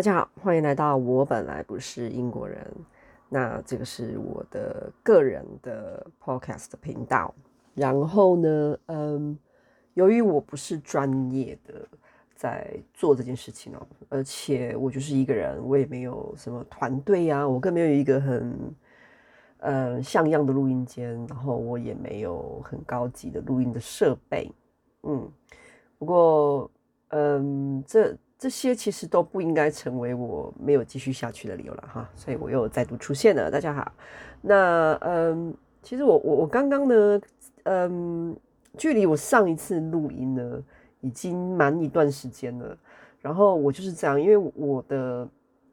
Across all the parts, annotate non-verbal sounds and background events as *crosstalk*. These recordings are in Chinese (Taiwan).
大家好，歡迎來到我本來不是英國人。那這個是我的個人的 podcast 的頻道。然後呢，嗯，由於我不是專業的在做這件事情哦，而且我就是一個人，我也沒有什麼團隊呀、啊，我更沒有一個很、嗯、像樣的錄音間，然後我也沒有很高級的錄音的設備。嗯，不過，嗯，這。這些其實都不應該成為我沒有繼續下去的理由了哈，所以我又再度出現了。大家好，那嗯，其實我我我剛剛呢，嗯，距離我上一次錄音呢已經蠻一段時間了。然後我就是這樣，因為我的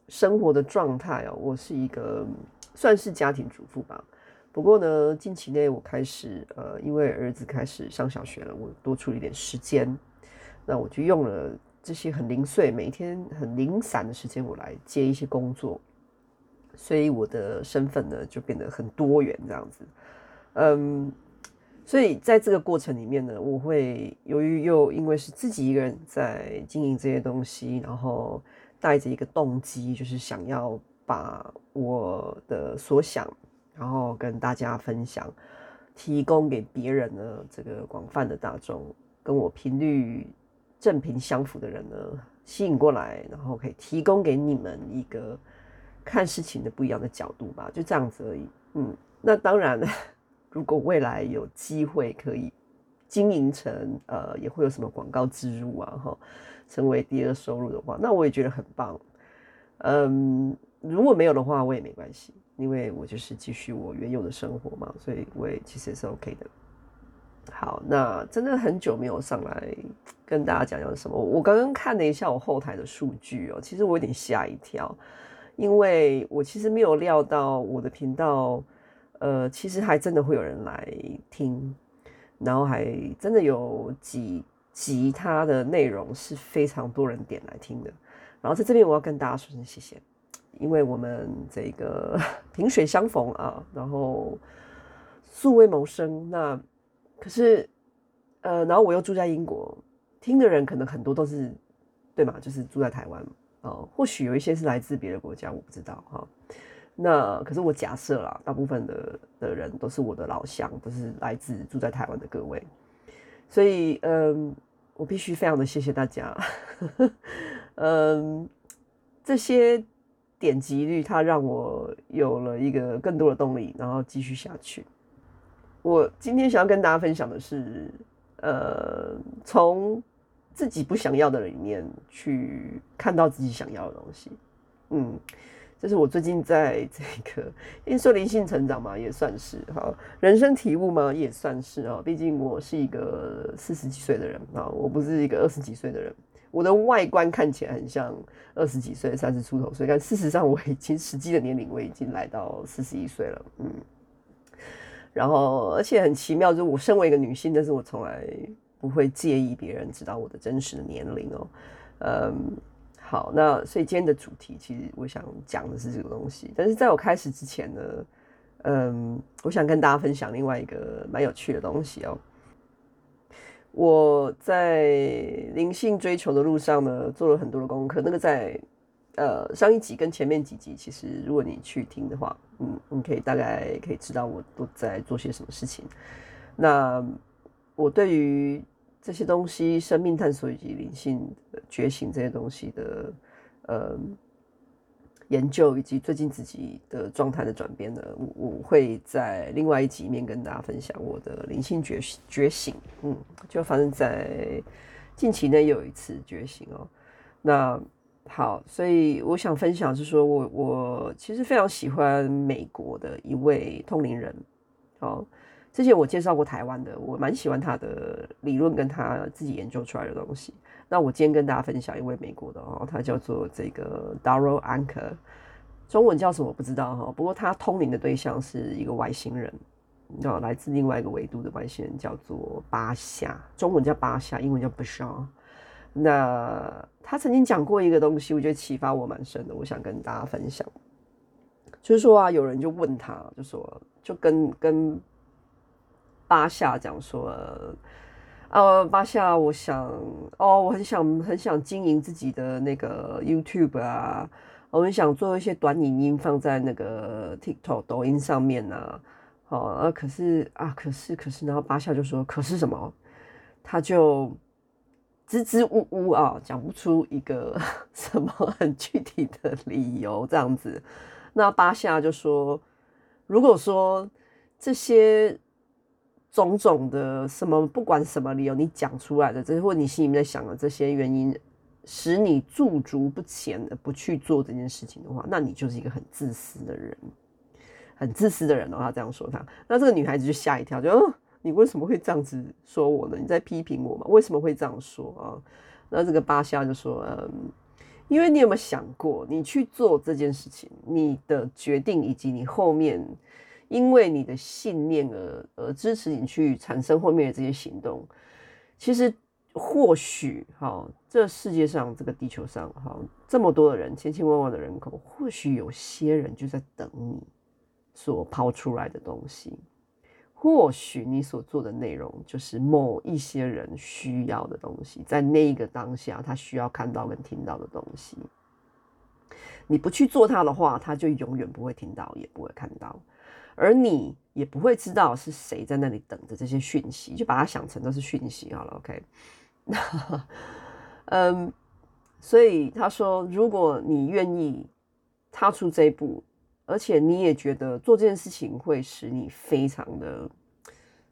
生活的狀態啊，我是一個算是家庭主婦吧。不過呢，近期內我開始呃，因為兒子開始上小學了，我多出了一點時間，那我就用了。這些很零碎，每天很零散的時間，我來接一些工作，所以我的身份呢就變得很多元這樣子。嗯，所以在這個過程裡面呢，我會由於又因為是自己一個人在經營這些東西，然後帶着一個動機，就是想要把我的所想，然後跟大家分享，提供給別人的這個廣泛的大眾，跟我頻率。正頻相符的人呢，吸引過來，然後可以提供給你們一個看事情的不一樣的角度吧，就這樣子而已。嗯，那當然，如果未來有機會可以經營成，呃，也會有什麼廣告植入啊，哈，成為第二收入的話，那我也覺得很棒。嗯，如果沒有的話，我也沒關係，因為我就是繼續我原有的生活嘛，所以我也其實也是 OK 的。好，那真的很久沒有上來跟大家講一下什麼。我剛剛看了一下我後台的數據哦、喔，其實我有點嚇一跳，因為我其實沒有料到我的頻道，呃，其實還真的會有人來聽，然後還真的有幾集它的內容是非常多人點來聽的。然後在這邊我要跟大家說聲謝謝，因為我們這個萍水相逢啊，然後素未謀生那。可是，呃，然後我又住在英國，聽的人可能很多都是，對嘛？就是住在台灣哦，或許有一些是來自別的國家，我不知道哈，哦。那可是我假設啦，大部分的的人都是我的老鄉，都是來自住在台灣的各位。所以，嗯，我必須非常的謝謝大家。呵呵，嗯，這些點擊率，它讓我有了一個更多的動力，然後繼續下去。我今天想要跟大家分享的是，呃，從自己不想要的裡面去看到自己想要的東西，嗯，這、就是我最近在這個，因為說靈性成長嘛，也算是哈，人生體悟嘛，也算是啊。畢竟我是一個四十幾歲的人啊，我不是一個二十幾歲的人，我的外觀看起來很像二十幾歲、三十出頭歲，但事實上我已經實際的年齡我已經來到四十一歲了，嗯。然後，而且很奇妙，就是我身為一個女性，但是我從來不會介意別人知道我的真實的年齡哦。嗯，好，那所以今天的主題，其實我想講的是這個東西。但是在我開始之前呢，嗯，我想跟大家分享另外一個蠻有趣的東西哦。我在靈性追求的路上呢，做了很多的功課，那個在。呃，上一集跟前面幾集，其實如果你去聽的話，嗯，你可以大概可以知道我都在做些什麼事情。那我對於這些東西、生命探索以及靈性覺醒這些東西的呃、嗯、研究，以及最近自己的狀態的轉變呢，我我會在另外一集裡面跟大家分享我的靈性覺覺醒。嗯，就反正在近期內有一次覺醒哦。那好，所以我想分享是說，我我其實非常喜歡美國的一位通靈人。好、哦，之前我介紹過台灣的，我蠻喜歡他的理論跟他自己研究出來的東西。那我今天跟大家分享一位美國的哦，他叫做這個 Darryl Anka，中文叫什麼我不知道哈、哦。不過他通靈的對象是一個外星人啊，來自另外一個維度的外星人，叫做巴夏，中文叫巴夏，英文叫 Bashar 那他曾經講過一個東西，我覺得啟發我蠻深的，我想跟大家分享。就是說啊，有人就問他，就說就跟跟巴夏講說，呃，巴夏，我想哦，我很想很想經營自己的那個 YouTube 啊，哦、我很想做一些短影音放在那個 TikTok 抖音上面吶、啊，好、哦呃、啊，可是啊，可是可是，然後巴夏就說，可是什麼？他就。支支吾吾啊，講不出一個什麼很具體的理由，這樣子。那巴夏就說：“如果說這些種種的什麼，不管什麼理由，你講出來的這些，或你心裡面在想的這些原因，使你駐足不前的不去做這件事情的話，那你就是一個很自私的人，很自私的人的話，他這樣說他，他那這個女孩子就嚇一跳，就。你為什麼會這樣子說我呢？你在批評我嗎？為什麼會這樣說啊？那這個巴夏就說：“嗯，因為你有沒有想過，你去做這件事情，你的決定以及你後面，因為你的信念而而支持你去產生後面的這些行動，其實或許哈，這世界上這個地球上哈，這麼多的人，千千萬萬的人口，或許有些人就在等你所拋出來的東西。”或許你所做的內容就是某一些人需要的東西，在那一個當下，他需要看到跟聽到的東西。你不去做他的話，他就永遠不會聽到，也不會看到，而你也不會知道是誰在那裡等着這些訊息，就把它想成都是訊息好了。OK，那 *laughs* 嗯，所以他說，如果你願意踏出這一步。而且你也覺得做這件事情會使你非常的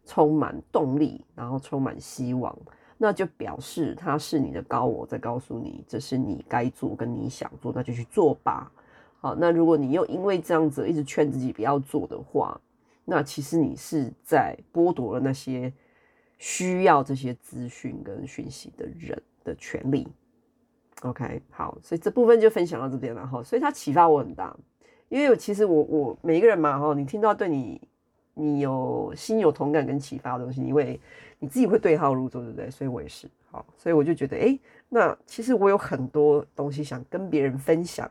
充滿動力，然後充滿希望，那就表示他是你的高我，在告訴你這是你該做跟你想做，那就去做吧。好，那如果你又因為這樣子一直勸自己不要做的話，那其實你是在剝奪了那些需要這些資訊跟訊息的人的權利。OK，好，所以這部分就分享到這邊了哈。所以它啟發我很大。因為其實我我每一個人嘛哈，你聽到對你，你有心有同感跟啟發的東西，因為你自己會對號入座，對不對？所以我也是好，所以我就覺得，哎、欸，那其實我有很多東西想跟別人分享。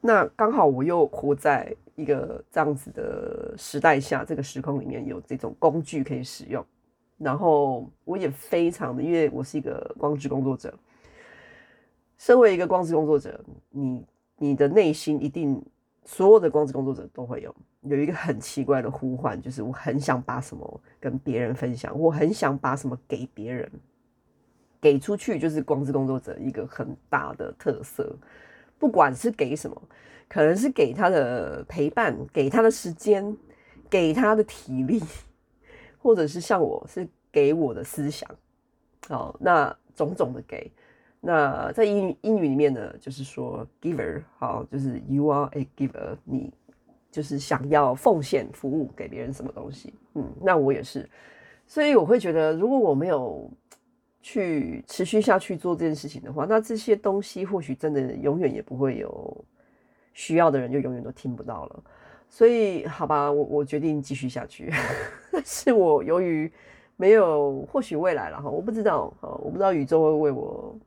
那剛好我又活在一個這樣子的時代下，這個時空裡面有這種工具可以使用，然後我也非常的，因為我是一個光之工作者。身為一個光之工作者，你。你的內心一定，所有的光之工作者都會有有一個很奇怪的呼喚，就是我很想把什麼跟別人分享，我很想把什麼給別人，給出去就是光之工作者一個很大的特色。不管是給什麼，可能是給他的陪伴，給他的時間，給他的體力，或者是像我是給我的思想，哦，那種種的給。那在英語英語裡面呢，就是說，giver，好，就是 you are a giver，你就是想要奉獻服務給別人什麼東西，嗯，那我也是，所以我會覺得，如果我沒有去持續下去做這件事情的話，那這些東西或許真的永遠也不會有需要的人，就永遠都聽不到了。所以好吧，我我決定繼續下去， *laughs* 但是我由於沒有或許未來了哈，我不知道，我不知道宇宙會為我。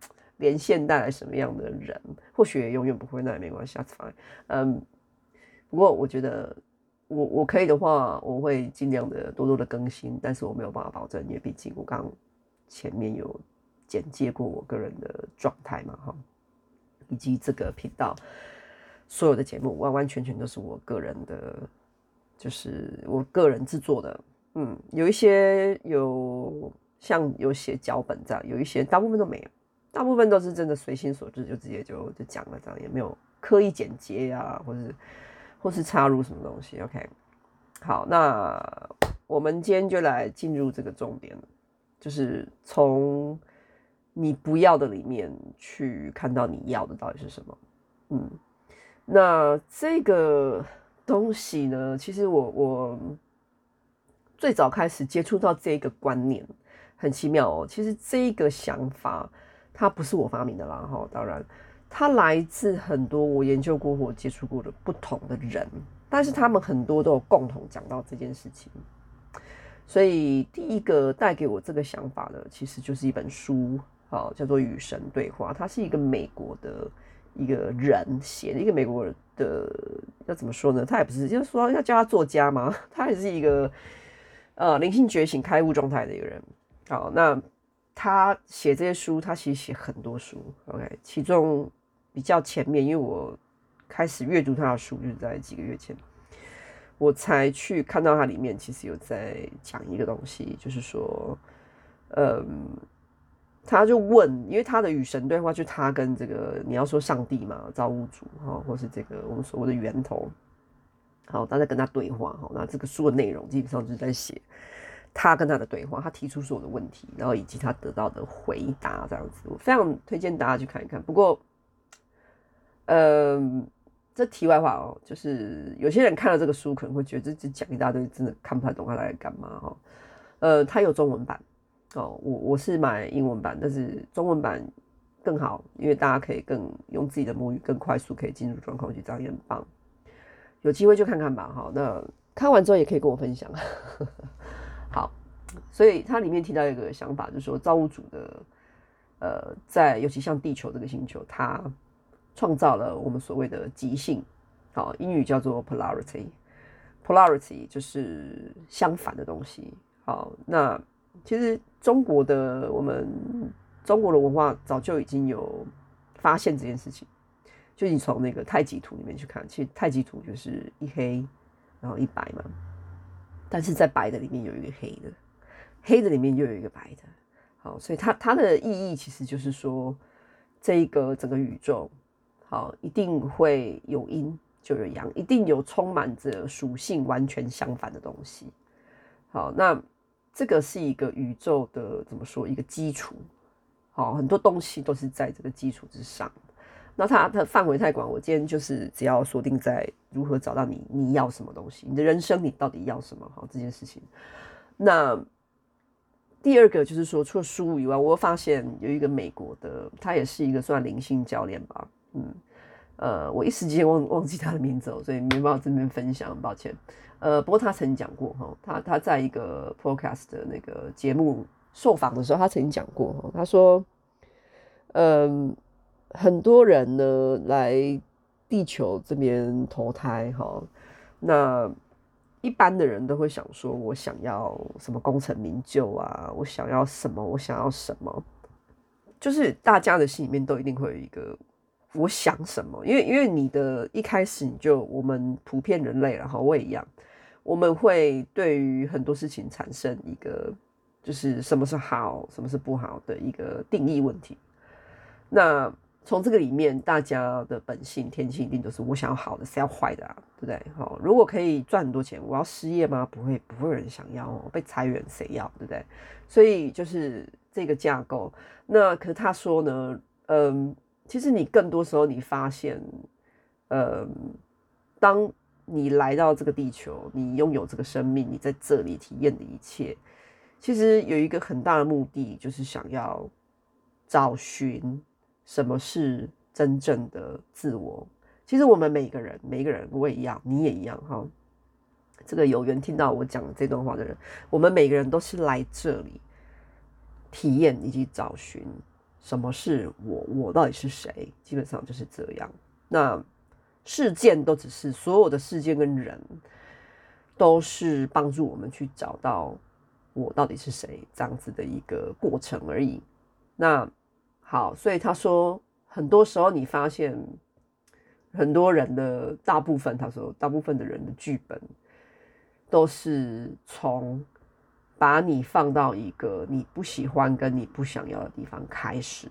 連線帶來什麼樣的人，或許永遠不會。那也沒關係，that's fine。嗯，不過我覺得我我可以的話，我會盡量的多多的更新，但是我沒有辦法保證，因為畢竟我剛剛前面有簡介過我個人的狀態嘛，哈，以及這個頻道所有的節目，完完全全都是我個人的，就是我個人制作的。嗯，有一些有像有寫腳本這樣，有一些大部分都沒有。大部分都是真的隨心所至，就直接就就講了，這樣也沒有刻意剪接呀、啊，或是或是插入什麼東西。OK，好，那我們今天就來進入這個重點，就是從你不要的裡面去看到你要的到底是什麼。嗯，那這個東西呢，其實我我最早開始接觸到這個觀念，很奇妙哦、喔。其實這個想法。他不是我發明的啦，哈、哦！當然，他來自很多我研究過或接觸過的不同的人，但是他們很多都有共同講到這件事情。所以第一個帶給我這個想法的，其實就是一本書，好、哦，叫做《與神對話》。他是一個美國的一個人寫的，一個美國人的，要怎麼說呢？他也不是，就是說要叫他作家嗎？他也是一個呃靈性覺醒、開悟狀態的一個人。好、哦，那。他寫這些書，他其實寫很多書，OK。其中比較前面，因為我開始閱讀他的書，就是在幾個月前，我才去看到他裡面其實有在講一個東西，就是說，嗯，他就問，因為他的與神對話，就他跟這個你要說上帝嘛，造物主哈、哦，或是這個我們所謂的源頭，好，大家跟他對話，哦，那這個書的內容基本上就是在寫。他跟他的對話，他提出所有的問題，然後以及他得到的回答。這樣子我非常推薦大家去看一看。不過，呃，這題外話哦，就是有些人看了這個書可能會覺得這只講一大堆，真的看不太懂他來幹嘛、哦、呃，他有中文版哦，我我是買英文版，但是中文版更好，因為大家可以更用自己的母語，更快速可以進入狀況去講也很棒。有機會去看看吧哈、哦。那看完之後也可以跟我分享。 *laughs* 好，所以它裡面提到一個想法，就是說造物主的，呃，在尤其像地球這個星球，它創造了我們所謂的極性，好，英語叫做 polarity，polarity polarity 就是相反的東西。好，那其實中國的我們中國的文化早就已經有發現這件事情，就你從那個太極圖裡面去看，其實太極圖就是一黑然後一白嘛。但是在白的裡面有一個黑的，黑的裡面又有一個白的，好，所以它它的意義其實就是說，這個整個宇宙，好，一定會有陰就有陽，一定有充滿着屬性完全相反的東西，好，那這個是一個宇宙的，怎麼說，一個基礎，好，很多東西都是在這個基礎之上。那他的範圍太廣，我今天就是只要鎖定在如何找到你，你要什麼東西，你的人生你到底要什麼？哈，這件事情。那第二個就是說，除了書以外，我發現有一個美國的，他也是一個算靈性教練吧。嗯，呃，我一時間忘忘記他的名字，所以沒辦法這邊分享，抱歉。呃，不過他曾經講過，哈、哦，他他在一個 podcast 的那個節目受訪的時候，他曾經講過，哦、他說，嗯。很多人呢來地球這邊投胎哈，那一般的人都會想說，我想要什麼功成名就啊？我想要什麼？我想要什麼？就是大家的心裡面都一定會有一個我想什麼，因為因為你的一開始你就我們普遍人類，然後我也一樣，我們會對於很多事情產生一個就是什麼是好，什麼是不好的一個定義問題，那。從這個裡面，大家的本性，天性一定都是我想要好的，誰要壞的啊？對不對？好，如果可以賺很多錢，我要失業嗎？不會，不會有人想要、喔、被裁員，誰要？對不對？所以就是這個架構。那可是他說呢，嗯，其實你更多時候，你發現，嗯，當你來到這個地球，你擁有這個生命，你在這裡體驗的一切，其實有一個很大的目的，就是想要找尋。什麼是真正的自我？其實我們每一個人，每個人我也一樣，你也一樣哈。這個有緣聽到我講的這段話的人，我們每個人都是來這裡體驗以及找尋什麼是我，我到底是誰？基本上就是這樣。那事件都只是所有的事件跟人都是幫助我們去找到我到底是誰這樣子的一個過程而已。那。好，所以他說，很多時候你發現很多人的大部分，他說大部分的人的劇本都是從把你放到一個你不喜歡跟你不想要的地方開始，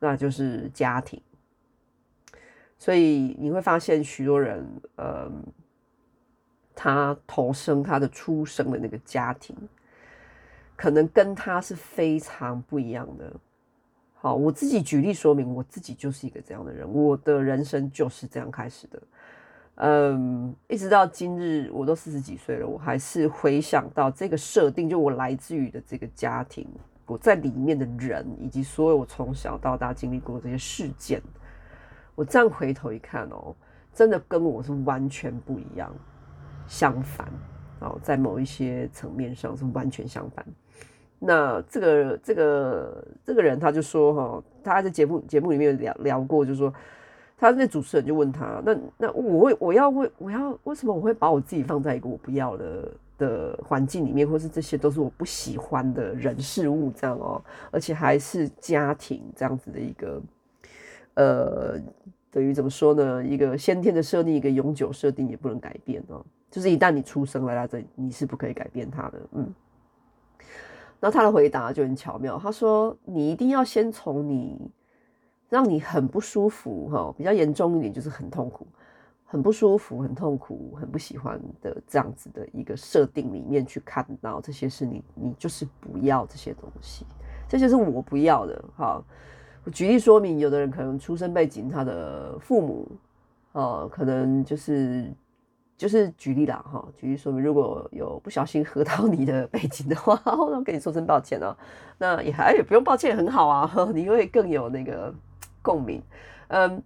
那就是家庭。所以你會發現，許多人，嗯，他投生他的出生的那個家庭，可能跟他是非常不一樣的。好，我自己舉例說明，我自己就是一個這樣的人，我的人生就是這樣開始的。嗯，一直到今日，我都四十幾歲了，我還是回想到這個設定，就我來自於的這個家庭，我在裡面的人，以及所有我從小到大經歷過的這些事件，我這樣回頭一看哦、喔，真的跟我是完全不一樣，相反，哦，在某一些層面上是完全相反。那這個這個這個人他就說哈、哦，他在節目節目裡面聊聊過，就說他那主持人就問他，那那我會我要為我要，我要為什麼我會把我自己放在一個我不要的的環境裡面，或是這些都是我不喜歡的人事物這樣哦，而且還是家庭這樣子的一個呃，等於怎麼說呢？一個先天的設定，一個永久設定也不能改變哦。就是一旦你出生來到這裡，你是不可以改變他的，嗯。那他的回答就很巧妙，他說：“你一定要先從你讓你很不舒服，哈，哦，比較嚴重一點就是很痛苦、很不舒服、很痛苦、很不喜歡的這樣子的一個設定裡面去看到，這些是你，你就是不要這些東西，這些是我不要的，哦。”哈，舉例說明，有的人可能出生背景，他的父母，哦，可能就是。就是舉例啦，哈，舉例說明，如果有不小心喝到你的背景的話，我跟你說聲抱歉哦、喔。那也還也、欸、不用抱歉，很好啊，你會更有那個共鳴。嗯，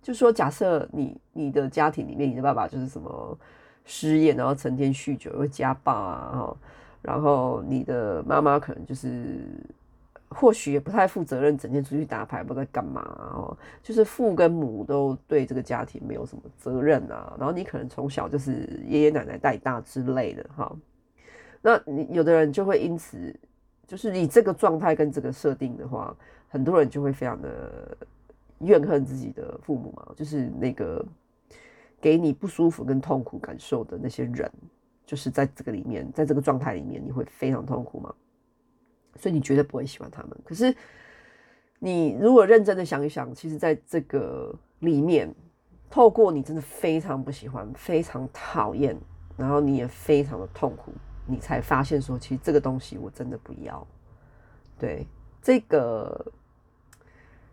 就說假設你你的家庭裡面，你的爸爸就是什麼失業，然後成天酗酒，又家暴啊、喔，然後你的媽媽可能就是。或許也不太負責任，整天出去打牌，不知道在幹嘛哦、啊。就是父跟母都對這個家庭沒有什麼責任啊。然後你可能從小就是爺爺奶奶帶大之類的哈。那你有的人就會因此，就是以這個狀態跟這個設定的話，很多人就會非常的怨恨，自己的父母嘛，就是那個給你不舒服跟痛苦感受的那些人，就是在這個裡面，在這個狀態裡面，你會非常痛苦嗎？所以你絕對不會喜歡他們。可是，你如果認真的想一想，其實，在這個裡面，透過你真的非常不喜歡、非常討厭，然後你也非常的痛苦，你才發現說，其實這個東西我真的不要。對，這個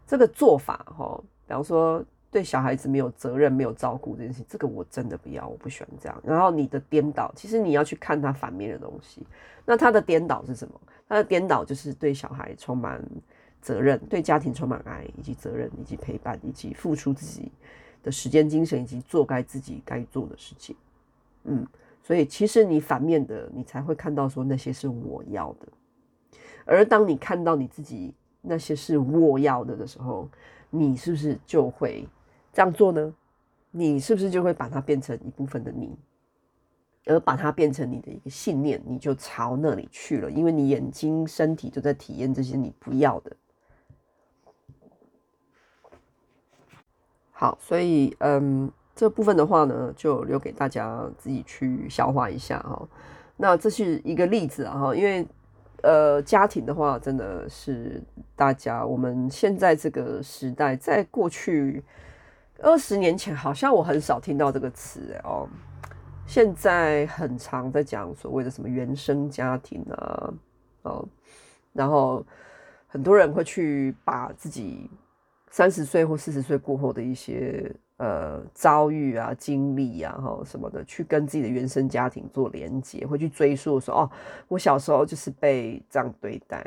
這個做法，哦，比方說。對小孩子沒有責任、沒有照顧這件事情，這個我真的不要，我不喜歡這樣。然後你的顛倒，其實你要去看他反面的東西。那他的顛倒是什麼？他的顛倒就是對小孩充滿責任，對家庭充滿愛，以及責任，以及陪伴，以及付出自己的時間、精神，以及做該自己該做的事情。嗯，所以其實你反面的，你才會看到說那些是我要的。而當你看到你自己那些是我要的的時候，你是不是就會？這樣做呢，你是不是就會把它變成一部分的你，而把它變成你的一個信念，你就朝那裡去了，因為你眼睛、身體都在體驗這些你不要的。好，所以嗯，這部分的話呢，就留給大家自己去消化一下哈。那這是一個例子啊哈，因為呃，家庭的話，真的是大家我們現在這個時代，在過去。二十年前好像我很少聽到這個詞，欸、哦，現在很常在講所謂的什麼原生家庭啊，哦，然後很多人會去把自己三十歲或四十歲過後的一些呃遭遇啊、經歷啊、哦、什麼的，去跟自己的原生家庭做連結，會去追溯說哦，我小時候就是被這樣對待，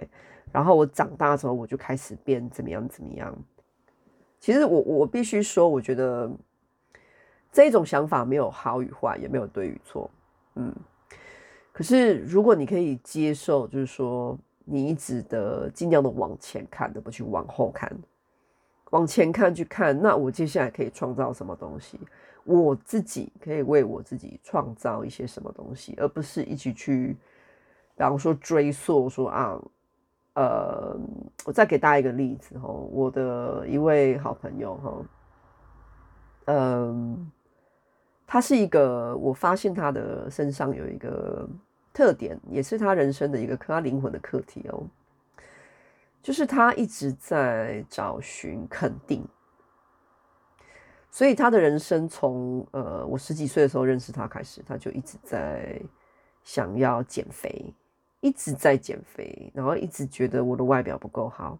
然後我長大之後我就開始變怎麼樣怎麼樣。其實我我必須說，我覺得這種想法沒有好與壞，也沒有對與錯。嗯，可是如果你可以接受，就是說你一直的盡量的往前看，都不去往後看，往前看去看，那我接下來可以創造什麼東西？我自己可以為我自己創造一些什麼東西，而不是一起去，比方說追溯說啊。呃，我再給大家一個例子哈，我的一位好朋友哈，嗯、呃，他是一個，我發現他的身上有一個特點，也是他人生的一個他靈魂的課題哦，就是他一直在找尋肯定，所以他的人生從呃我十幾歲的時候認識他開始，他就一直在想要減肥。一直在減肥，然後一直覺得我的外表不夠好，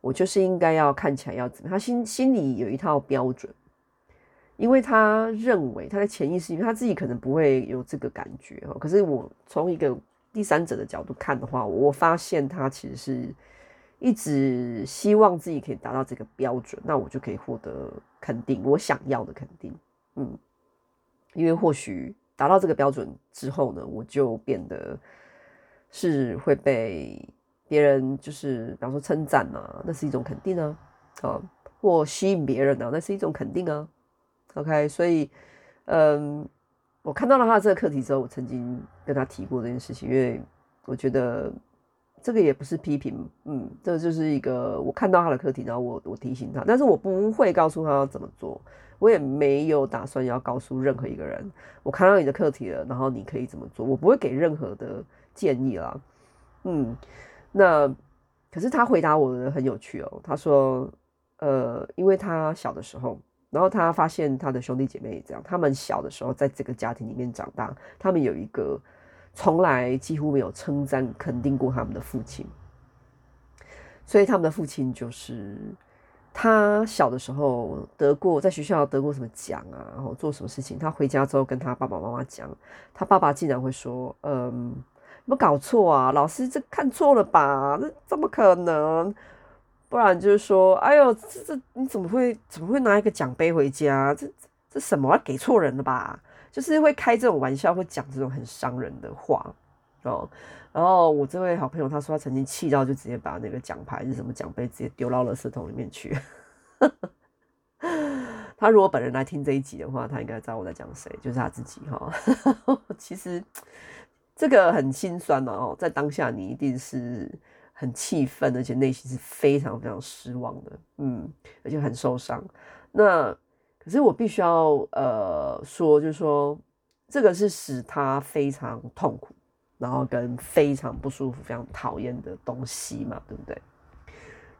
我就是應該要看起來要怎麼樣？他心心裡有一套標準，因為他認為他的潛意識，因為他自己可能不會有這個感覺，可是我從一個第三者的角度看的話，我發現他其實是一直希望自己可以達到這個標準，那我就可以獲得肯定，我想要的肯定，嗯，因為或許達到這個標準之後呢，我就變得。是會被別人就是，比方說稱讚嘛，那是一種肯定啊，啊，或吸引別人的、啊、那是一種肯定啊。OK，所以，嗯，我看到了他的這個課題之後，我曾經跟他提過這件事情，因為我覺得這個也不是批評，嗯，這個、就是一個我看到他的課題，然後我我提醒他，但是我不會告訴他要怎麼做，我也沒有打算要告訴任何一個人，我看到你的課題了，然後你可以怎麼做，我不會給任何的。建議啦，嗯，那可是他回答我的很有趣哦。他說，呃，因為他小的時候，然後他發現他的兄弟姐妹也這樣，他們小的時候在這個家庭裡面長大，他們有一個從來幾乎沒有稱讚肯定過他們的父親，所以他們的父親就是他小的時候得過在學校得過什麼獎啊，然後做什麼事情，他回家之後跟他爸爸媽媽講，他爸爸竟然會說，嗯。有沒有搞錯啊！老師這看錯了吧？這怎麼可能？不然就是說，哎呦，這這你怎麼會怎麼會拿一個獎杯回家？這這什麼？啊，給錯人了吧？就是會開這種玩笑，會講這種很傷人的話哦。然後我這位好朋友他說他曾經氣到就直接把那個獎牌是什麼獎杯直接丟到了垃圾桶裡面去。 *laughs* 他如果本人來聽這一集的話，他應該知道我在講誰，就是他自己哈。 *laughs* 其實。這個很心酸哦，在當下你一定是很氣憤，而且內心是非常非常失望的，嗯，而且很受傷。那可是我必須要呃說，就是說這個是使他非常痛苦，然後跟非常不舒服、非常討厭的東西嘛，對不對？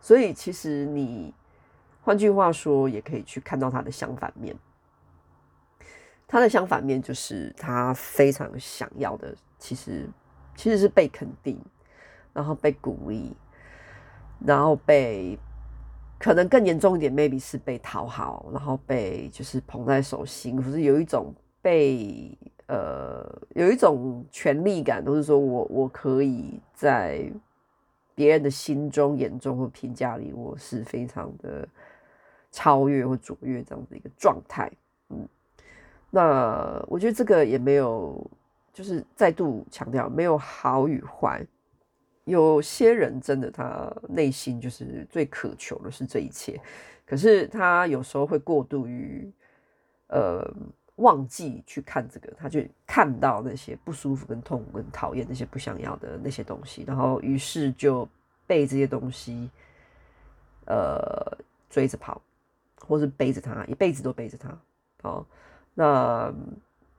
所以其實你換句話說，也可以去看到他的相反面。他的相反面就是他非常想要的，其實其實是被肯定，然後被鼓勵，然後被可能更嚴重一點，maybe 是被討好，然後被就是捧在手心，或是有一種被呃有一種權力感，都是說我我可以，在別人的心中眼中或評價裡，我是非常的超越或卓越這樣子一個狀態，嗯。那我覺得這個也沒有，就是再度強調，沒有好與壞。有些人真的他內心就是最渴求的是這一切，可是他有時候會過度於，呃，忘記去看這個，他就看到那些不舒服、跟痛、跟討厭那些不想要的那些東西，然後於是就被這些東西，呃，追着跑，或是背着他，一輩子都背着他，那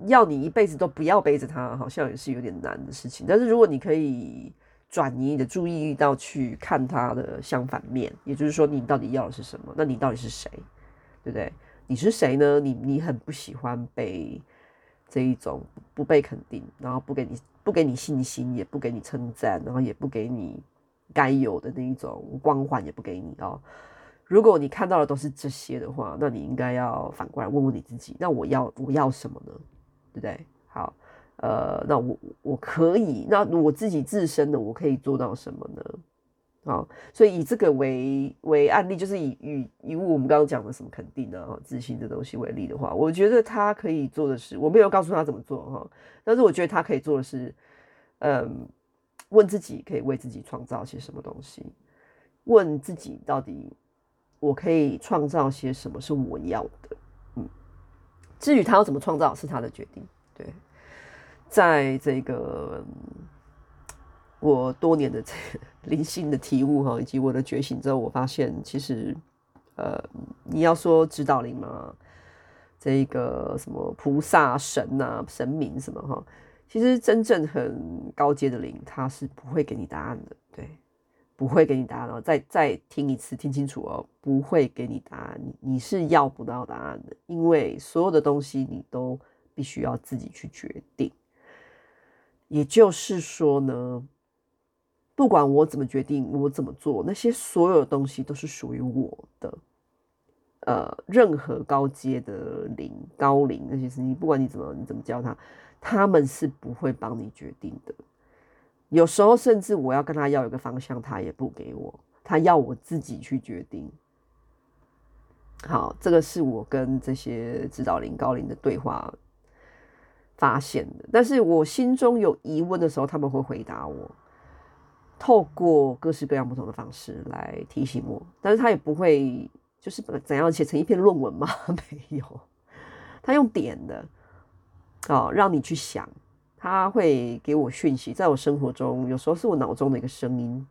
要你一輩子都不要背着他，好像也是有點難的事情。但是如果你可以轉移你的注意力到去看他的相反面，也就是說，你到底要的是什麼？那你到底是誰，對不對？你是誰呢？你你很不喜歡被這一種不，不被肯定，然後不給你不給你信心，也不給你稱讚，然後也不給你該有的那一種光環，也不給你哦。如果你看到的都是這些的話，那你應該要反過來問問你自己，那我要我要什麼呢？對不對？好，呃，那我我可以，那我自己自身的我可以做到什麼呢？好，所以以這個為為案例，就是以以以我們剛剛講的什麼肯定啊、自信的東西為例的話，我覺得他可以做的是，我沒有告訴他怎麼做哈啊，但是我覺得他可以做的是，嗯，問自己可以為自己創造些什麼東西，問自己到底。我可以創造些什麼是我要的，嗯。至於他要怎麼創造，是他的決定。對，在這個我多年的這個靈性的體悟哈，以及我的覺醒之後，我發現其實，呃，你要說指導靈嘛，這個什麼菩薩神吶、啊、神明什麼哈，其實真正很高階的靈，他是不會給你答案的。對。不會給你答案哦，再再聽一次，聽清楚哦。不會給你答案，你，你是要不到答案的，因為所有的東西你都必須要自己去決定。也就是說呢，不管我怎麼決定，我怎麼做，那些所有的東西都是屬於我的。呃，任何高階的靈、高靈那些事情，不管你怎麼、你怎麼教他，他們是不會幫你決定的。有時候甚至我要跟他要有一個方向，他也不給我，他要我自己去決定。好，這個是我跟這些指導靈高靈的對話發現的。但是我心中有疑問的時候，他們會回答我，透過各式各樣不同的方式來提醒我。但是他也不會就是怎樣寫成一篇論文嗎？沒有，他用點的，哦，讓你去想。他會給我訊息，在我生活中，有時候是我腦中的一個聲音，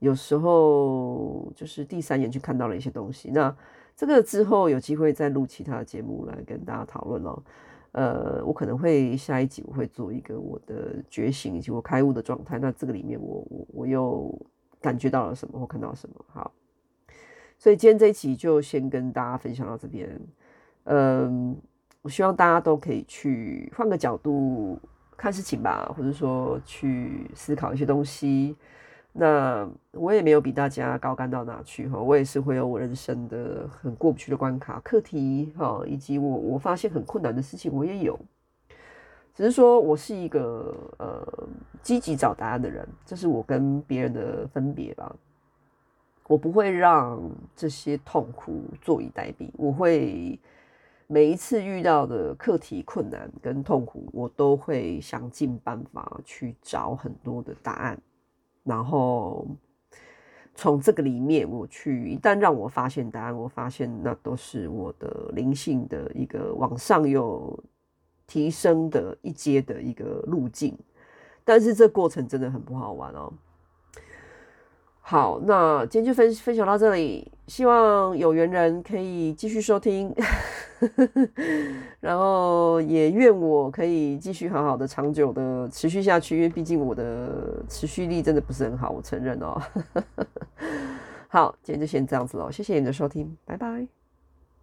有時候就是第三眼去看到了一些東西。那這個之後有機會再錄其他的節目來跟大家討論咯。呃，我可能會下一集我會做一個我的覺醒以及我開悟的狀態。那這個裡面我我，我又感覺到了什麼，我看到了什麼？好，所以今天這一集就先跟大家分享到這邊。嗯、呃。我希望大家都可以去換個角度看事情吧，或者說去思考一些東西。那我也沒有比大家高干到哪去哈，我也是會有我人生的很過不去的關卡、課題哈，以及我我發現很困難的事情，我也有。只是說我是一個呃積極找答案的人，這是我跟別人的分別吧。我不會讓這些痛苦坐以待斃，我會。每一次遇到的課題、困難跟痛苦，我都會想盡辦法去找很多的答案，然後從這個裡面，我去一旦讓我發現答案，我發現那都是我的靈性的一個往上有提升的一階的一個路徑，但是這過程真的很不好玩哦、喔。好，那今天就分分享到這裡。希望有緣人可以繼續收聽， *laughs* 然後也願我可以繼續好好的長久的持續下去，因為畢竟我的持續力真的不是很好，我承認哦、喔。 *laughs* 好，今天就先這樣子嘍，謝謝你的收聽，拜拜。